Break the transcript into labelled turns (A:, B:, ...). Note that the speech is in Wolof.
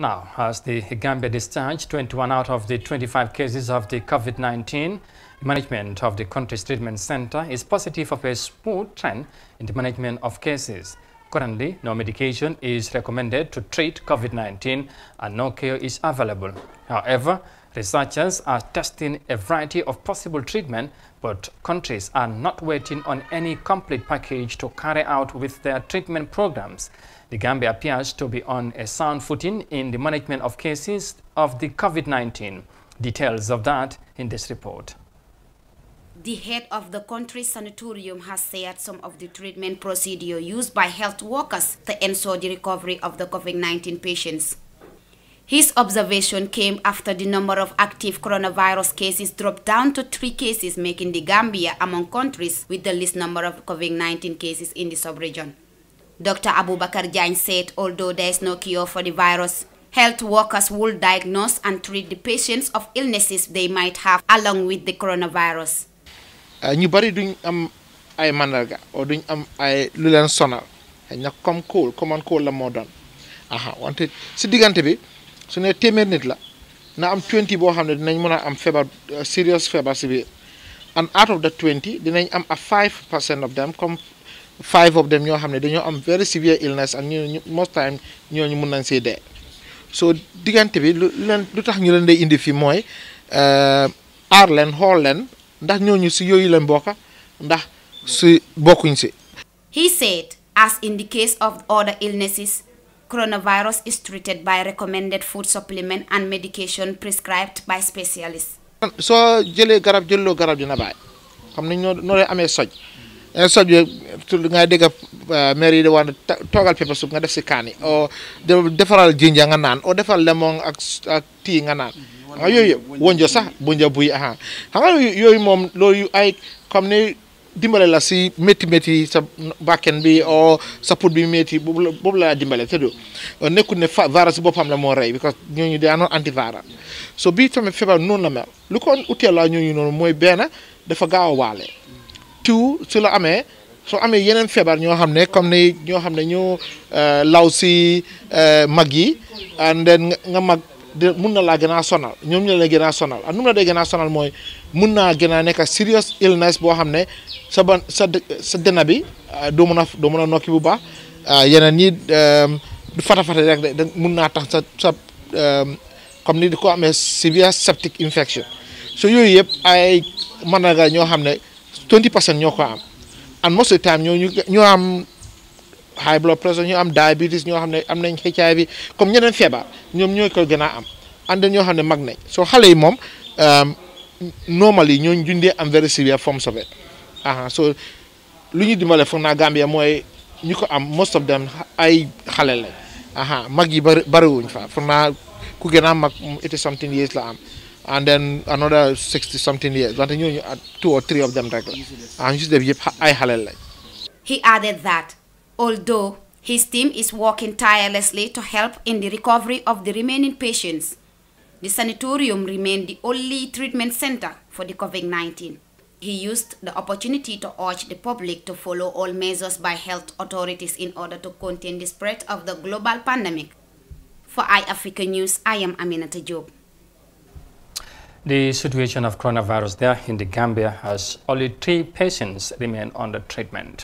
A: Now, as the Gambia discharged 21 out of the 25 cases of the COVID-19, management of the country's treatment center is positive of a smooth trend in the management of cases. Currently, no medication is recommended to treat COVID-19 and no care is available. However, Researchers are testing a variety of possible treatment, but countries are not waiting on any complete package to carry out with their treatment programs. The Gambia appears to be on a sound footing in the management of cases of the COVID-19. Details of that in this report.
B: The head of the country's sanatorium has said some of the treatment procedure used by health workers to ensure the recovery of the COVID-19 patients. His observation came after the number of active coronavirus cases dropped down to three cases, making the Gambia among countries with the least number of COVID-19 cases in the sub-region. Dr. Abubakar Jain said although there is no cure for the virus, health workers will diagnose and treat the patients of illnesses they might have along with the coronavirus.
C: Ah, ñu sonal aha wanted see diggante bi su ne téeméer nit la na am 20 boo xam ne dinañ mën a am feebar euh, serious feebar si bi and out of the 20 dinañ am a 5 percent of them comme 5 of them ñoo xam ne dañoo am very severe illness ak ñooñu most time ñooñu mun nañ si dee so diggante bi lu lu tax ñu leen day indi fii mooy euh, aar leen xool leen ndax ñooñu si yooyu leen bokk ndax si bokkuñ si.
B: He said, as in the case of other illnesses. coronavirus is treated by recommended food supplement and medication prescribed by specialists.
C: soo jëlee garab jëlloo garab dina bàyyi xam nañ noo noo lay amee soj eh, soj bi nga dégg eh, maire yi di wax ne toogal pepper soup nga def si kaan yi oo defaral jinja nga naan oo defaral lemon ak ak tii nga naan xam yooyu yëpp wonjo sax bunja buy aha xam nga yooyu moom loolu ay comme ni dimbale la si métti métti sa bakken bi o sa put bi métti boobu la boobu la dimbale c'est-à-dire euh, nekkul ne fa vaara si boppam la moo rey because ñooñu daa noon anti vaara so bii tamit feebar noonu la mel lu ko utee ñooñu noonu mooy benn dafa gaaw a waale tout su la amee soo amee yeneen feebar ñoo xam ne comme ni ñoo xam ne ñu euh, law si euh, mag yi and then nga mag de mun na laa gën a sonal ñoom ñu la gën a sonal ak nu mu na dee gën a sonal mooy mun naa gën a nekk serious illness boo xam ne sa ban sa sa bi ah, doo mun a doo mun a nokki bu baax ah, yeneen yi du fata rek de mun naa tax sa sa comme nii di ko amee severe septic infection so yooyu yëpp ay mandarga ñoo xam ne 20 percent ñoo ko am and most of time ñoo am high blood pressure i am diabetes ñoo xam i am HIV comme ñeneen fever, New ñoo ko gën a am and then you have mag nañ So xale mom. Um, normally ñooñu jundee am very severe forms of it aha so Luni ñu dimbale Gambia most of them I xale aha mag baru. bari now, fa foog naa ku it is something years la and then another sixty something years wante ñooñu two or three of them rek la ah ñu si def
B: He added that although his team is working tirelessly to help in the recovery of the remaining patients. The sanatorium remained the only treatment center for the COVID-19. He used the opportunity to urge the public to follow all measures by health authorities in order to contain the spread of the global pandemic. For iAfrica News, I am Aminata Job.
A: The situation of coronavirus there in the Gambia has only three patients remain under treatment.